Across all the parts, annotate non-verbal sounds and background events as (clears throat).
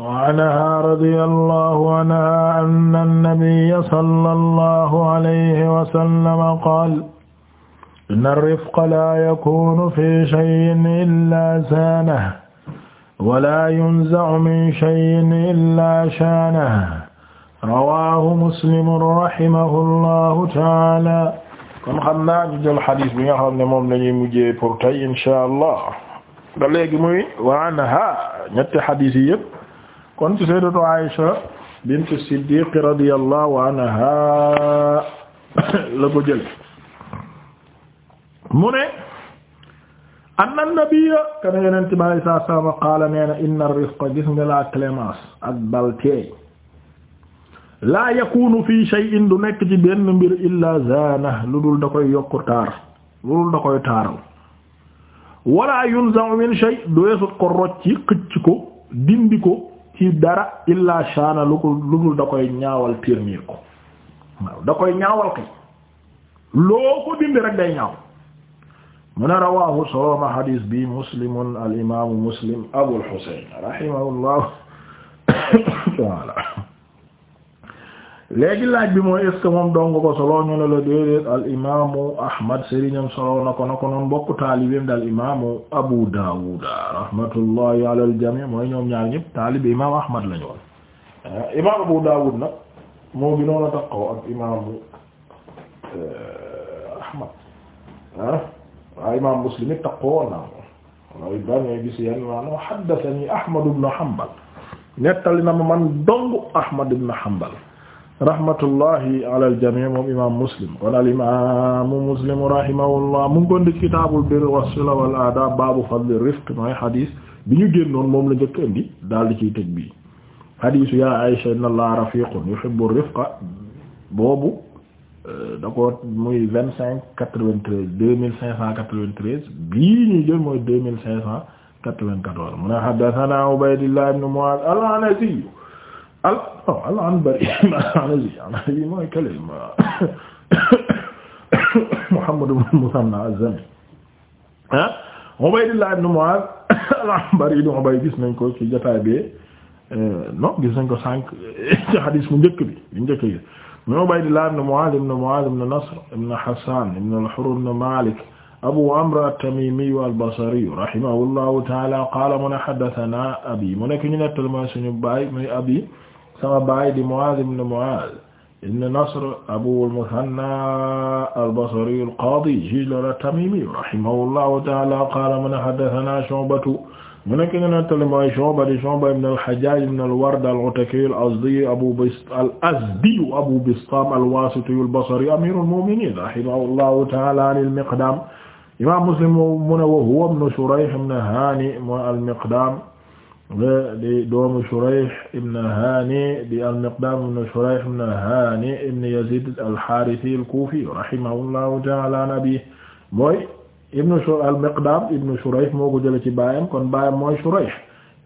وعنها رضي الله عنها أن النبي صلى الله عليه وسلم قال إن الرفق لا يكون في شيء إلا زانه ولا ينزع من شيء إلا شانه رواه مسلم رحمه الله تعالى kon xam naa ñu jël xadis bi nga xam ne moom la ñuy mujjee pour tey incha allah ba léegi muy wa anha ñetti xadis yi yëpp kon ci sayyidatu Aisha bint Siddiq radiyallahu anha (coughs) la ko jël mu ne anna nabiyya kana yonent bi alayhi salaatu wa salaam qaala nee na inna ar-rifqa la clémence ak balteey du nekk ci benn mbir illa zaana lu dul da yokku taar wala yunza'u min shay' du weesut ko rocci xëcc ci dara illa shaana lu ko lu dul da koy ñaawal ternir ko waaw da koy ñaawal kay loo ko dindi rek day ñaaw mu ne rawahu al imaamu muslim abul (coughs) taala léegi laaj bi mooy est moom dong ko solo ñu ne la déedéet al imaamu Ahmad sëriñam solo na ko na ko noon bokk taalibeem daal imaamu Abu Daawuda rahmatullahi ala jamii mooy ñoom ñaar ñëpp taalibe imaam Ahmad la ñu woon. Eh, Abu Daawud nag moo gënoon a taxaw ak imaamu eh, Ahmad ah eh, waaye Muslim it taxawoon naa ko loolu it daal gis yéen maanaam haddathani Ahmad ibn Hanbal nettali na ma man dong Ahmad ibn Hanbal. rahmatullahi ala al-jamii moom muslim kon al imaamu muslim rahimahullah mu ngi doon di kitaabul birri was-sila wal aadaab baabu fadli rifq mooy xadis bi ñu génnoon moom la njëkk indi daal di ciy tëj bii xadisu yaa Aysa inna allaha rafiqun yuhibbu rifqa boobu euh, da ko muy vingt cinq quatre-vingt-treize deux mille cinq cent quatre-vingt-treize bii ñuy mooy deux mille cinq cent quatre-vingt-quatorze mu ne haddasanaa Ubaydullah ibn Mu'aaz al-Anasi al al Anbari al-Anazi mooy nañ ko ci jotaay bi eh, nañ ko sànq (coughs) ci xadiis mu njëkk Nasr ibn Hassan ibn al-Hurr Malik Abu Amr at-Tamimi al-Basri rahimahullahu ta'ala qala mu ne haddathana abi mu nekk ñu nettal ma suñu baay muy abi sama baay di Muaaz ibn Muaaz ibn Nasr Abul Muthanna al-Basri al-Qaadi Jilal at-Tamimi rahimahullahu ta'ala qaala man haddathanaa Shu'batu mu nekk ñu nettali mooy Shu'ba di Shu'ba ibn al-Hajjaaj ibn al-Ward al-Ataki al-Azdi Abu Bist al-Azdi Abu Bistaam al-Waasiti al-Basri amiirul mu'miniin rahimahullahu ta'ala al-Miqdaam imaam Muslim mu ne wa huwa ibn Shurayh ibn Haani al-Miqdaam di doomu Shurayh ibn Hani di al-Miqdam ibn Shurayh ibn Hani ibn Yazid al-Harithi al-Kufi rahimahullahu ta'ala nabi mooy ibn Shurayh al-Miqdam ibn Shurayh moo ko jëlee ci baayam kon baayam mooy Shurayh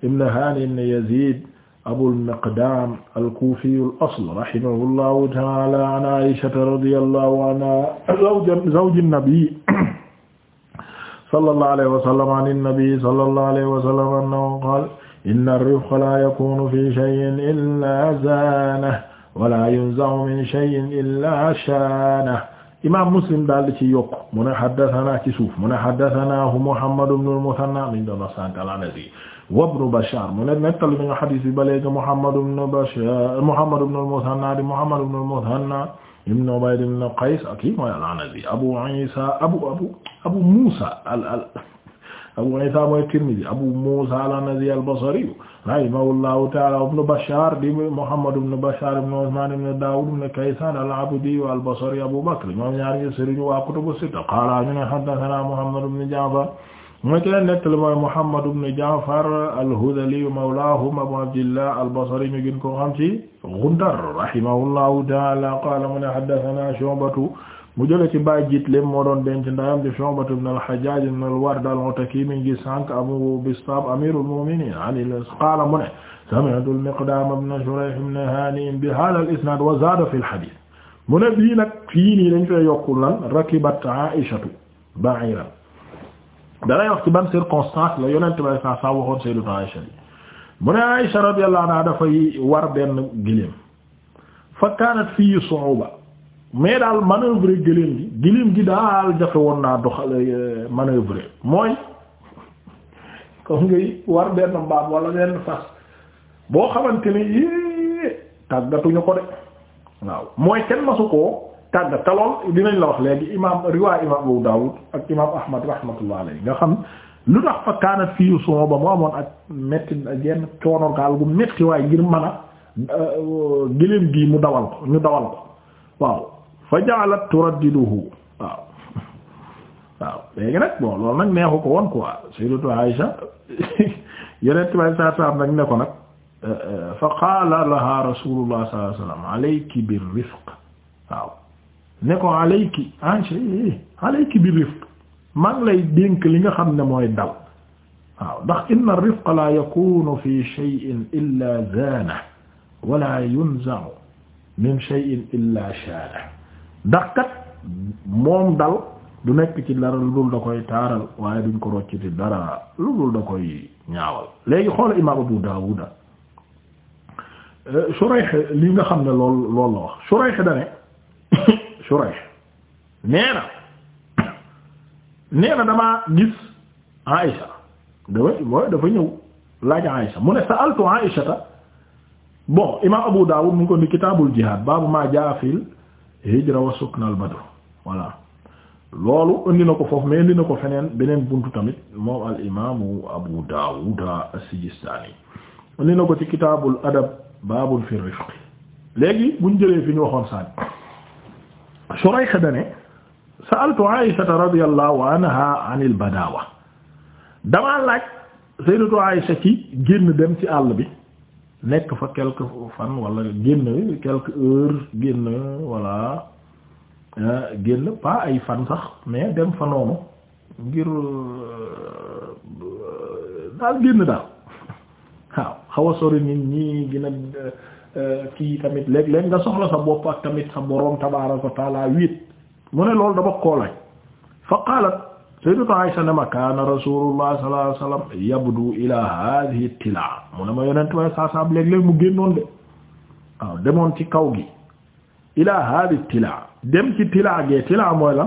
ibn Hani ibn Yazid Abul Miqdam al-Kufi al-asl rahimahullahu ta'ala an Aisha radiyallahu anha zawj an-nabi sallallahu alayhi wa sallam an an-nabi sallallahu alayhi wa sallam annahu qala inna ar-rifqa laa yakunu fi shay'in illaa zaanahu wa laa yunza'u min shay'in illaa shaanahu imaam Muslim daal di ci yokk mu ne haddathanaa ci suuf mu ne haddathanaahu Muhammad ibn al-Muthanna min doon sànq al-Anazi wa ibn Bashaar mu ne nettali nañu hadiis bi ba léegi Muhammad ibn Bashaar Muhammad ibn al-Muthanna di Muhammad ibn al-Muthanna ibn Ubayd ibn Qays ak kii mooy al-Anazi Abu Iisa Abu Abu Abu Muusaa al al. Abu Isa mooy Tirmidhi Abu Musa al-Anazi al-Basri rahimahullahu ta'ala ibn Bashar di Muhammad ibn Bashar ibn Uthman ibn Dawud ibn Kaysan al-Abdi al-Basri Abu Bakr ñoom ñaar ñu sëriñu waa kutubu sitta qaala ñu ne haddathana Muhammad ibn Ja'far mooy keneen nettali mooy Muhammad ibn Ja'far al-Hudhali mawlahum Abu Abdillah al-Basri ñu gën ko xam ci Ghundar rahimahullahu ta'ala qaala mu ne haddathana Shu'batu mu jële ci baay jiitlem moo doon denc ndayam di Shu'batu ibn al-Hajjaj ibn al-Ward al-Ataki mi ngi sànq Abu Bistam amirul mu'minin anil qaala mu ne sami'tu al-Miqdam ibn Shurayh ibn Hani bi hadha al-isnad wa zada fi al-hadith mu ne bii nag fii nii dañ fee yokkul lan rakibat Aishatu ba'iran danay wax ci ban circonstance la yonent bay sa sa waxoon sayyidatu Aisha bi mu ne Aisha radiyallahu anha dafay war benn giléem fa kanat fii su'uba mais daal manœuvre gëléem gi gëléem gi daal jafe woon naa doxale euh, manœuvre mooy (laughs) comme ngay war benn mbaam walla benn fas boo xamante ni tàggatuñu ko de waaw mooy kenn masu koo tàggat te lool dinañ la wax léegi imam riwaay imam Abu Dawud ak imam Ahmad rahmatullah alayhi nga xam lu tax fa kaanat fii suma ba mu amoon ak metti jenn coono gaal gu metti waaye ngir mën a euh, gëléem gi mu dawal ko ñu dawal ko waaw fa ja'alat turaddiduhu waaw waaw léegi nag bon loolu nag neexu ko woon quoi sayyidatu Aisha yeneen tubaab saa saa nag ne ko nag euh, euh, fa qaala laha rasulullah sallallahu alayhi wasallam alayki bir rifq waaw ne ko alayki Aisha eh, alayki bir rifq maa ngi lay dénk li nga xam ne mooy dal waaw ndax inna ar-rifq la yakunu fi shay'in illa zaana wala yunza'u min shay'in illa shaana ndax moom dal du nekk ci dara lu dul da koy taaral waaye duñ ko rocc dara lu dul da koy ñaawal léegi xool imaam Abu Daawuda euh, Shurayh li nga xam ne lool lool la wax Shurayh da ne (coughs) Shurayh nee na (coughs) nee na damaa gis Aïsha dafa mooy dafa ñëw laaj Aïsha mu ne sa'altu Aïsha ta bon imaam Abu Daawud mu ngi ko ni kitaabul jihaad baabu maa jaa hijra wa sukna al badr voilà loolu indi na ko foofu mais indi na ko feneen beneen bunt tamit moom al imaamu Abu Dawud as-Sijistani indi na ko ci kitaabul adab baabul fi rifq léegi buñ jëlee fi ñu waxoon sànni Shurayh dane sa'altu Aisha radiyallahu anha anil badaawa damaa laaj sayyidatu Aisha ci génn dem ci àll bi nekk fa quelque fan wala génn quelque heure génn voilà euh, génn pas ay fan sax mais dem fa noonu ngir euh, daal génn daal (laughs) waaw xaw a sori nit ñi gina euh, kii tamit léeg-léeg nga soxla sa bopp ak tamit sa boroom tabaaraka wa wéet mu ne loolu dama koolay fa qaalat sayyidatu Aisha ne ma kaana rasulullah sallallahu alayhi wasallam yabdu ila hadhihi tilaa mu ne ma yonent may saasaam léeg-léeg mu génnoon de waaw demoon ci kaw gi ila hadhihi tilaa dem ci tilaa gee tilaa mooy la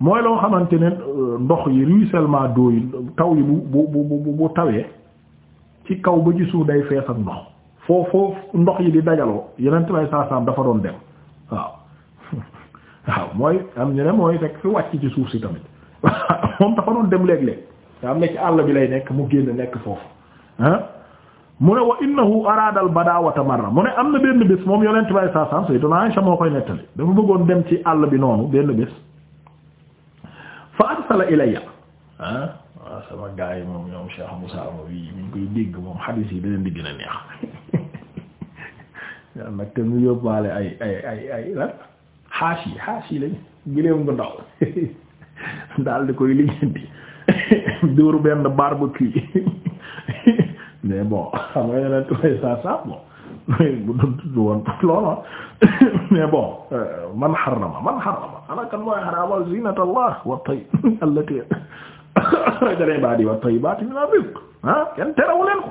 mooy loo xamante ne euh, ndox yi ruissellement d'eau yi taw yi bu bu bu bu tawee ci kaw ba ci suuf day fees ak ndox foofu foofu ndox yi di dajaloo yonent may saasaam dafa doon dem waaw (laughs) waaw mooy am ñu ne mooy rek fi wàcc ci suuf si tamit (laughs) moom dafa doon dem léeg-léeg nga am ne ci àll bi lay nekk mu génn nekk foofu ah mu ne wa innahu araada al badaawata marra mu ne am na benn bés moom yonent bay saa sam sayyiduna Aisha bëggoon dem ci àll bi noonu benn bés fa arsala ilayya ah waaw sama gars moom ñoom Cheikh Moussa dégg moom xadiis yi da leen di gën a neex (laughs) yaa nag te ñu yóbbaale ay ay ay ay lan xaas yi xaas yi ndaw (laughs) (laughs) daal di koy liggéenti (laughs) dóoru benn barbecue (laughs) mais bon xam nga yeneen tuuti saa saa bon bu dul woon loolu ah. mais bon euh, man harrama man harrama ana kan mooy harrama zinata Allah wa tayyib allati rajala ibadi wa tayyibati min ar-rizq kenn terewu leen ko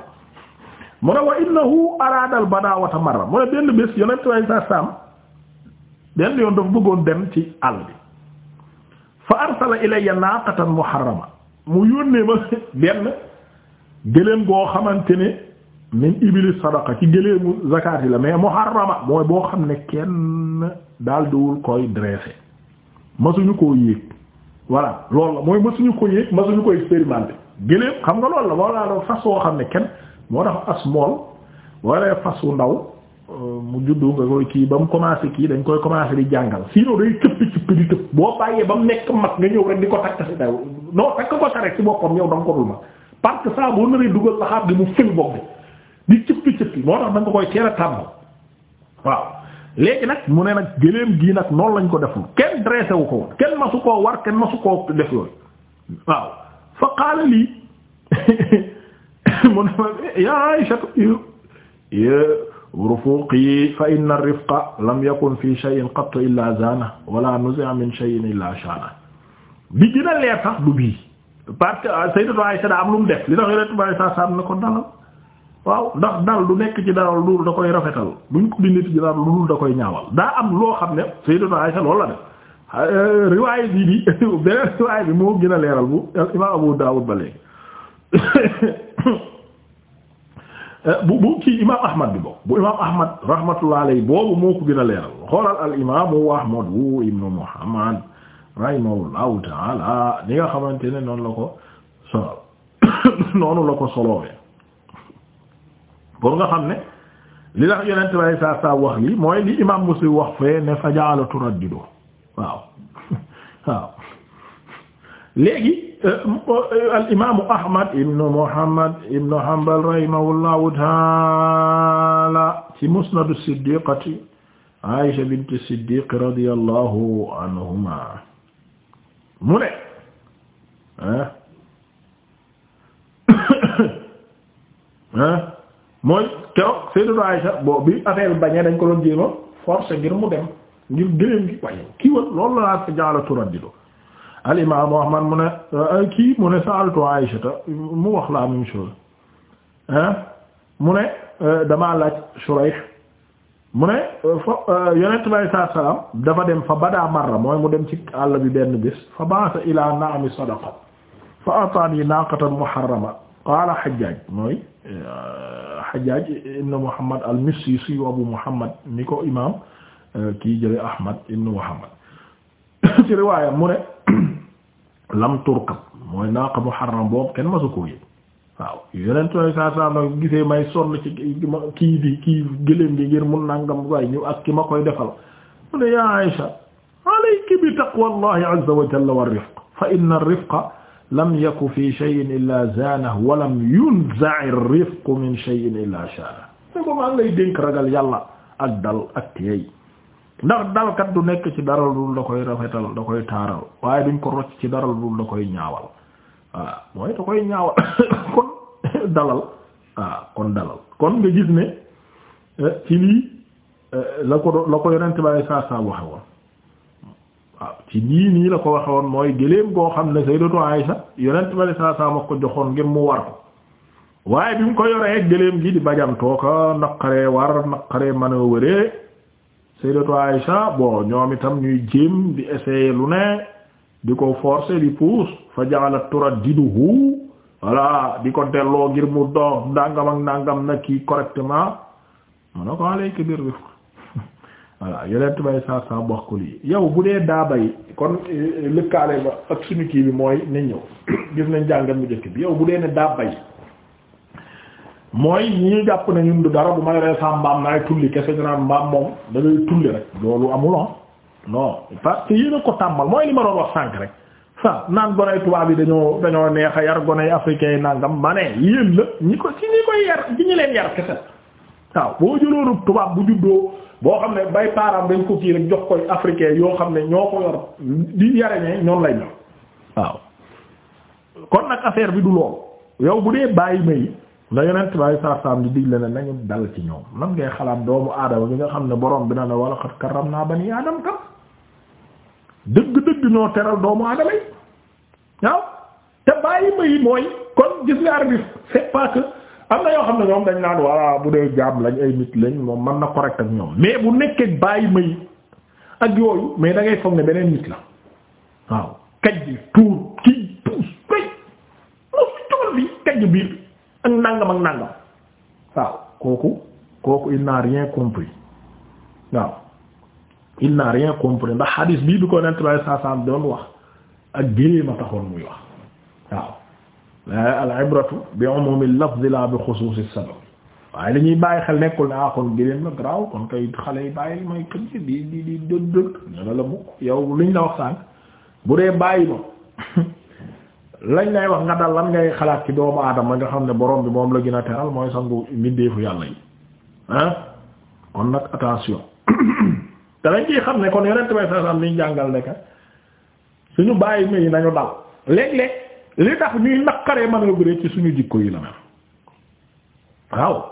mu ne wa innahu arada al-badawata mu ne benn bés yeneen tuuti saa saam benn yoon dafa bëggoon dem ci àll fa arsala ilayya naaqatan muharrama mu yónnee ma benn gëléem goo xamante ne min iblis sadaqa ci gëléemu zakaat la mais muharrama mooy boo xam ne kenn daal diwul koy dressé masuñu koo yéeg voilà loolu la mooy masuñu ko yéeg masuñu ko expérimenté gëléem xam nga lool la loolu laa doon fas woo xam ne kenn moo tax as mool wala fas wu ndaw mu juddu nga koy kii ba mu commencé kii dañ koy commencé di jàngal sinon day këpp ci di tëpp boo bàyyee ba mu nekk mag nga ñëw rek di ko takk si taw non takk ko sa rek boppam yow da ko dul ma parce que saa boo naree dugal saxaab gi mu fil bopp bi di cëppi cëppi moo tax da nga koy teel a tàmm waaw léegi nag mu ne nag gëléem gii nag noonu lañ ko deful kenn dressé wu ko woon kenn koo war kenn masu koo def yooyu waaw fa qaala lii (laughs) mu ne ma rufuqi fa inna rifqa lam yakun fi shay'in qattu illa zana wala nuzi'a min shay'in illa shana bi gën a leer sax du bii parce que euh, sayyidatu Aisha da am lu mu def li tax yonent bi saa saam ne ko dalal waaw ndax dal du nekk ci dara lu da koy rafetal duñ ko bindee ci dara lu da koy ñaawal daa am loo xam ne sayyidatu Aisha loolu la def euh, riwaay bi bi (laughs) beneen riwaay bi moo gën a leeral bu imaam Abu Dawud ba léegi (laughs) Eh, bu bu kii imam ahmad bi bokk bu imam ahmad rahmatullah alayhi boobu moo ko gën a leeral xoolal al imamu ahmadu ibnu muhammad rahimahullahu taala ni nga xamante ne noonu la ko solal (coughs) noonu la ko solowee nga xam ne li tax yonent bay saa saa wax li mooy li imam muslim wax fee ne fa jaala turaddido waaw (laughs) waaw léegi Euh, al imaamu Ahmad ibnu Muhammad ibnu Hanbal rahimahullahu taala ci musnadu siddiqati Aisha bintu Siddiq radiyallahu anhuma mu ne ah ah (coughs) mooy keroog Sayyidatu Aisha boo bi affaire bañee dañ ko doon jéema force ngir mu dem ngir gëléem gi waaye kii woon loolu la laa sa jaala turaddido al imaamu Ahmad mu ne euh, kii mu ne sa'altu Aïsha mu wax la même chose ah mu ne euh, damaa laaj Shurayh mu ne euh, fa yonent bi saa salaam dafa dem fa badaa marra mooy mu dem ci àll bi benn bés fa ba'atha ilaa na'ami sadaqa fa ataani naaqatan muharrama qaala Hajjaaj mooy Hajjaaj ibn Muhammad al-Missisi wa Abu Muhammad ni ko imaam kii jële Ahmad ibn Muhammad (coughs) ci riwaaya mu ne. lam turkab mooy naaqa muharram boobu kenn masu koo yëg waaw yonent way saa saa nag may sonn ci kii di kii gi ngir mun nangam waaye ñu ak ki ma koy defal mu ne yaa Aïsha alayki bi taqwallahi azza wa jalla wa rifq fa inna rifqa lam yaku fi shay'in illa zaanahu wa lam yunza'i rifqu min shay'in illa shaanahu te ba lay dénk ragal yàlla ak dal ndax dalkat du nekk ci dara dul da koy rafetal da koy taaral waaye duñ ko rocc ci dara dul da koy ñaawal voilà mooy da koy ñaawal (coughs) kon (coughs) dalal ah kon dalal kon nga gis ne eh, ci lii eh, la ko la ko yonent bàyyi saa nii nii la ko waxe woon mooy gëléem goo xam ne Sayyidatu Aisha yonent bàyyi saa saa ko joxoon ngir mu war ko waaye bi mu ko yoree gëléem gi di bajam tooka naqaree war naqaree mën a wëree sayyidatu Aisha bo ñoom itam ñuy jéem di essayer lu ne di ko forcer di pousse fa ja'alat turaddiduhu voilà di ko delloo ngir mu dox ndàngam ak ndàngam na ki correctement mu ne ko alayka bir rifq (laughs) voilà yeneen bay saa saa wax ko lii yow bu dee daaba yi kon lëkkaale ba ak suñu kii bi mooy ne ñëw (coughs) gis nañ jàngat mu njëkk bi yow bu dee ne daaba mooy ñi jàpp ne ñun dara bu ma yoree sa mbaam naay tulli kese ñu naan mbaam moom da ngay tulli rek loolu amul ah non parce ko tàmbal mooy li ma doon sànq rek ah naan tubaab yi dañoo dañoo neex a yar gone africain yi nangam ñi ko ci ñi koy yar ci ñi leen yar kese waaw boo jëloonu tubaab bu juddoo boo xam ne bay param dañ ko kii rek jox koy africain yoo xam ne ñoo ko yor di yareñee ñoom lay mel waaw kon nag affaire bi du loolu yow bu dee bàyyi may. na yonent baay sarsam di digle ne nañu dal ci ñoom nan ngay xalaat doomu aadama bi nga xam ne borom bi na la wala xat karam naa bani aadam kam dëgg-dëgg ñoo teral doomu aadama yi waaw te bàyyi ma mooy kon gis nga arbitre c'est pas am na yoo xam ne ñoom dañ naan walla bu dee jaam lañ ay nit lañ moom man na correct ak ñoom mais bu nekkee bàyyi ma yi ak yooyu mais da ngay foog ne beneen nit la waaw kaj ji tuur kii puus koy moom si bi kaj biir ak nàngam ak nàngam waaw kooku kooku il n'a rien compris waaw il n'a rien compris ndax hadis bii bi ko nent bay saasaam doon wax ak gélee ma taxoon muy wax waaw la al ibratu bi umumil lafzi la bi xusuusi sabab waaye dañuy bàyyi xel nekkul ne ah kon gëléem la garaaw kon kay xale yi bàyyil may kër gi di li di dëdd dëdd ñoo la la mukk yow luñ la wax bu dee bàyyi ma lañ lay wax nga dal lan ngay xalaat ci doomu aadama nga xam ne borom bi moom la gën a teral mooy sangu mbindeefu yàlla yi ah kon nag attention (coughs) te dañ ciy xam ne kon yeneen tamit jàngal ne suñu bàyyi ma yi nañu dal suñu jikko yi la mel waaw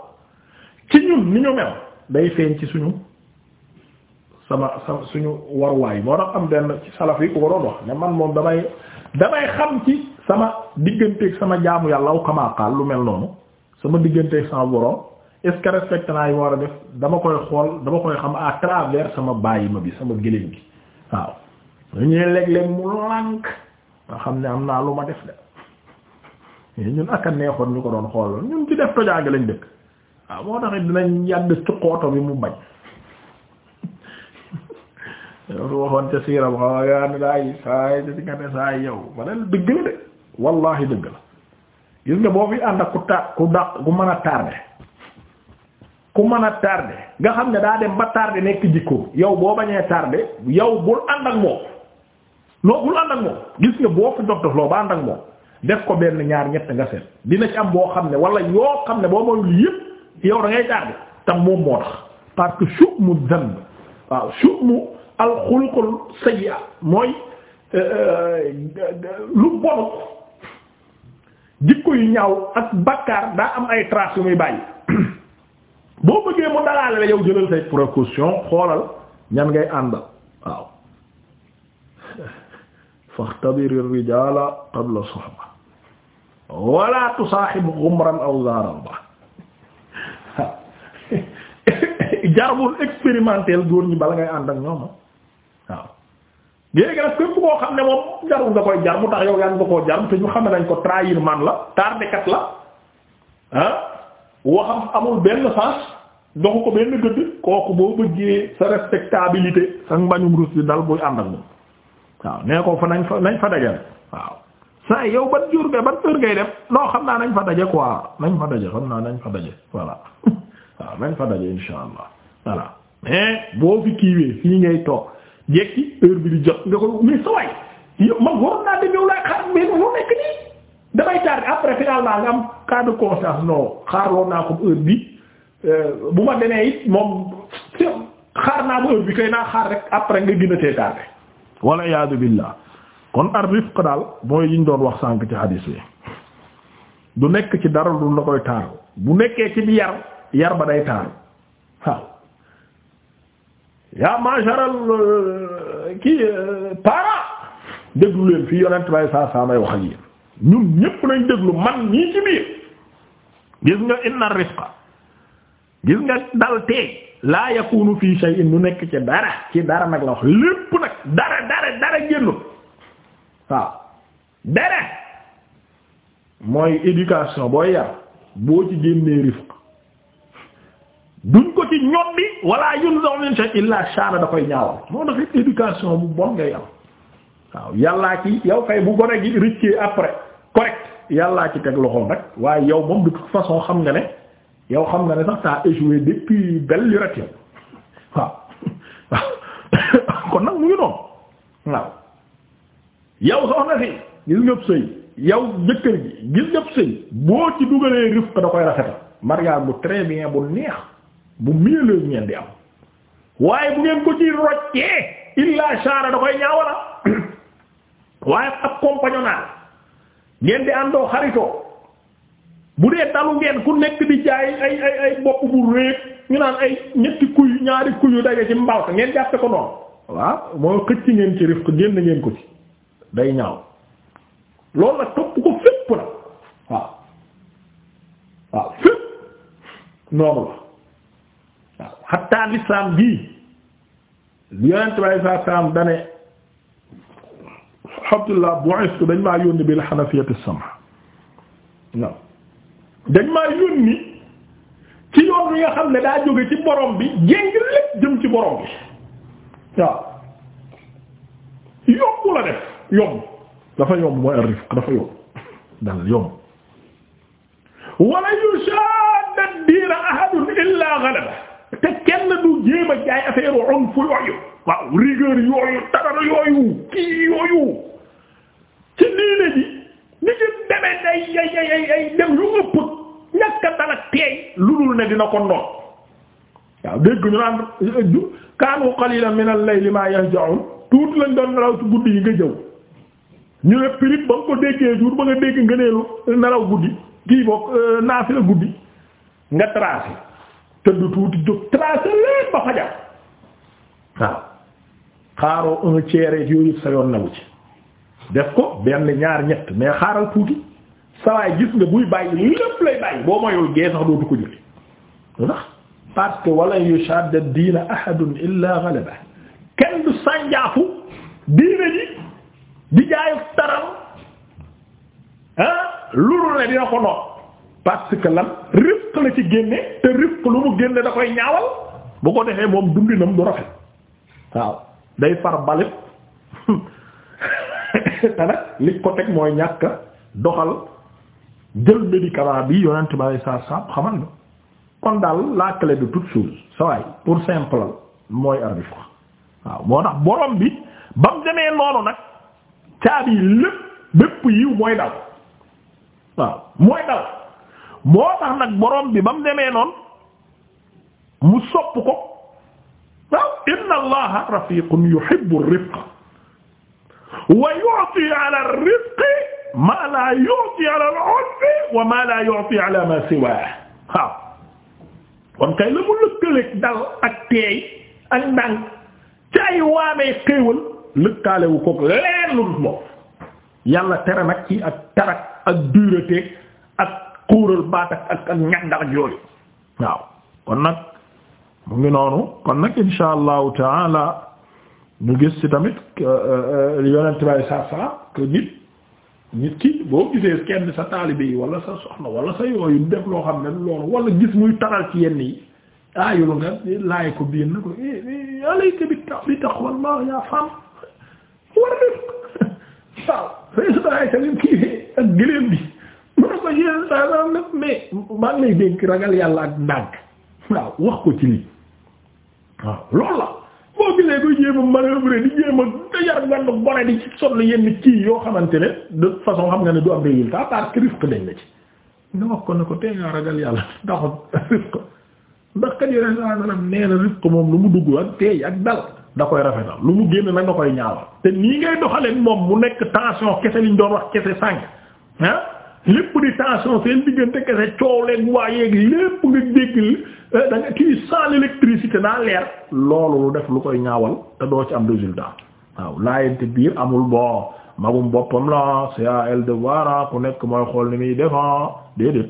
ci ñun ni ñu mel day feeñ ci suñu sama sama suñu waruwaay moo tax am benn ci salaf ko doon wax ne man moom damay damay xam ci. sama digganteeg sama jaamu yàlla aw kamaa lu mel noonu sama digganteeg sama borom est naa yi war a def dama koy xool dama koy xam à travers sama bàyyi ma bi sama gëléem gi waaw lu ñuy léeg-léeg mu lànk nga xam ne am naa lu ma def de eh, ñun ak a neexoon ñu ko doon xool ñun ci def tojaage lañ dëkk waaw moo tax dinañ yàgg ci xooto bi mu bañ (laughs) waxoon ca siira bu xaw a ne daay saay saay yow ma ne dëgg la de wallahi dëgg la gis nga boo fi ànd ak ku ta ku daq ku mën a tardé ku mën a tardé nga xam ne daa dem ba tardé nekk jikko yow boo bañee tardé yow bul ànd ak moom non bul ànd ak moom gis nga ànd ak moom def ko benn ñaar ñett nga seet dina ci am boo xam ne wala yoo xam ne boo moyul yëpp yow dangay ngay tardé tam moom moo tax parce que suuf mu zanb waaw suuf mu alxulqul sayyi'a mooy euh, euh, lu bon jikko yu ñaaw ak bakkaar daa am ay traces yu muy bàyyi (clears throat) boo bëggee mu dalaale la yow jëlal say précaution xoolal ñan ngay àndal waaw (laughs) faxtabir rijala qabla sohba wala tusaaxib xumran aw zaaral ba (laughs) jarbul expérimentel góor ñi bala ngay ànd ak ñoom léegi nag képp koo xam ne moom jarul nga koy jar mu tax yow yaa nga koo jar te ñu xam ne dañ ko trahir man la tardekat la ah waxam amul benn sens doxu ko benn kooku boo bëggee sa respectabilité sa mbañum rus bi dal buy ànd ak moom nee ko fa nañ fa nañ fa dajal waaw saa yow ban jur nga ban heure ngay dem non xam naa nañ fa daje quoi nañ fa daje xam naa nañ fa daje voilà (laughs) waaw nañ fa daje insha allah voilà mais boo fi kiiwee fii ngay toog. jekki heure bi di jot nga ko mais sa waay yow man naa dem yow laay xaar mais loo nga am cas de conscience non xaarloon naa ko heure bi euh, bu ma demee it moom xaar naa ko heure bi kay naa xaar rek après nga gën a tee tardé. wala yaadu billah kon ar rifq daal mooy yiñ doon wax sànq ci hadis du nekk ci dara du la koy taaru bu nekkee ci bi yar yar ba day taaru waaw. yaa majaral euh, kii parent euh, déglu leen fii yonent bay saa saa may wax ak yéen ñun ñépp nañ déglu man ñii ci biir gis nga inna rifqa gis nga dal teeg laa yakunu fii shay'in lu nekk ci dara ci dara nag la wax lépp nag dara dara dara génnul waaw dara mooy éducation booy yar boo ci génnee rifqa ci ñoddi wala yunzaw min shay illa shara da koy ñaawal moo tax éducation bu bon ngay am waaw yàllaa ci yow kay bu gone gi rëccee après correct yàllaa ci teg loxoom rek waaye yow moom de façon xam nga ne yow xam nga ne sax t'as échoué depuis belle lurette yow waaw kon nag mu ngi noonu waaw yow soxna si gis nga sëy yow jëkkër gi gis nga sëy boo ci dugalee rifq da koy rafetal mariage bu très bien bu neex bu mielleuse ngeen di am waaye bu ngeen ko ci roccee illa shara da koy ñaawala ah. (coughs) waaye ak compagnonnage ngeen di àndoo xaritoo bu dee dalu ngeen ku nekk di jaay ay ay ay bu réeg ñu naan ay ñetti kuy ñaari kuy yu daje ci mbawta ngeen jàppe ko noonu waaw mooy xëcc ngeen ci rifq génn ngeen ko ci day ñaaw loolu nag topp ko fépp la waaw waaw fépp noonu la xatta l'islam gi yonent bi alayhi salaatu salaam dane Abdullah bu'istu dañ maa yónni bil hanafiyyati samha waaw dañ maa yónni ci yoon wi nga xam ne daa jóge ci borom bi jéng lépp jëm ci borom bi waaw yomb la def yomb dafa yomb mooy ar-rifq dafa yomb dal yomb wala yushadda ad-diina ahadun illa ghalaba te kenn du jéem a jaay affaire unf yooyu waaw rigueur yooyu tarar yooyu kii yooyu ci diine ji ni ci demee ay ay ay dem yu ëpp ñàkk a teey lu dul ne dina ko noon waaw dégg ñu naan kaanu qalilan min al-layli ma yahja'un tuuti lañ doon nelaw ci guddi yi nga jëw ñu ne prix ba nga ko déggee jour ba nga dégg nga nelaw guddi kii boog euh, naafila guddi nga tracé. tëdd tuuti jóg tracé leen ba fajar waaw xaaroo un yooyu sa yoon newu ci def ko benn ñaar ñett mais xaaral tuuti sawaay gis nga buy bàyyi lépp lay bàyyi boo moyul gee sax dootu ko julli lu tax parce que wala yushadda diina ahadun illa ghalaba kenn du sànjaafu diina ji di jaayu taral ah loolu ne dina ko noot parce que lan rifq la ci génne te rifq lu mu génne da koy ñaawal bu ko defee moom dundinam du rafet waaw day far balit (laughs) te nag ko teg mooy ñàkk doxal jël médicament bi yonent ba sa sab xamal na kon daal la clé de toute chose sa pour simple mooy arrive waaw moo tax borom bi ba mu demee noonu nag caabi lépp bépp yiw mooy daw waaw mooy daw moo tax nag borom bi ba mu demee noonu mu sopp ko waaw inna allaha rafiqun yuhibbu rifqa wa yu'ti ala ar-rifqi ma la yu'ti ala al-'urfi wa ma la yu'ti ala kay la mu lëkkaleeg dal ak teey ak ndànk ci ay waamee xéewal lëkkaalewu koog leen lu moom yàlla tere nag ci ak tarak ak xuural baat ak ak ak ñangal waaw kon nag mu ngi noonu kon nag insha allahu taala ñu gis ci tamit euh, euh, yonent nit nit ki boo gisee kenn sa taalibe yi wala sa soxna wala sa yooyu def loo xam ne loolu wala gis muy taral ci yenn yi ah nga laaj ko biir na ko eh, eh, alayka bi tax bi yaa femme war a def (laughs) waaw. waaw sa lim kii ak gëléem bi. saa naan lépp mais maa ragal yàlla ak wax ko ci lii waaw la boo gisee koy a a da yar ngandu bone ci yoo xamante ne de toute xam nga ne du am résultat parce que wax ko ne ko tey ngaa ragal yàlla ndaxam risque ndax kat yore saa naan nee na risque moom lu mu dugg ak teey ak dal da koy rafetal lu mu génn nag da koy ñaawal te nii ngay doxaleen moom mu nekk tension kese liñ doon wax kese sànq ah lépp di tension coow leen waayeeg lépp nga dégg eh, da kii sans l'électricité daa loolu lu def lu koy ñaawal te doo ci am résultat waaw laayante biir amul bon magum boppam la c'est à elle de voir ah, ku nekk mooy xool ni muy defan ah, déedéet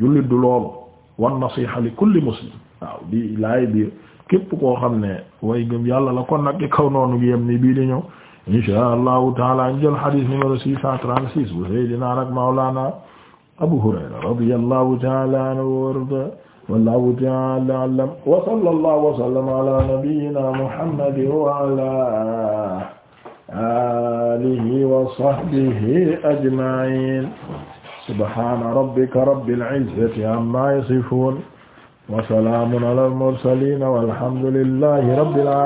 jullit du loolu wan nasiha li kulli muslim waaw laay biir képp koo xam ne way ngëm yàlla la kon nag di kaw noonu ngi yem ni bii di ñëw insha allahu taala ñu jël hadith numéro 636 bu Seydina nak Mawlana Abu Hurayra radiyallahu taala anhu warda wallahu taala alam wa sallallahu wa sallama ala nabiyyina Muhammadin wa ala alihi wa sahbihi ajma'in subhana rabbika rabbil izzati amma yasifun wa salamun ala al mursalin walhamdulillahi rabbil alamin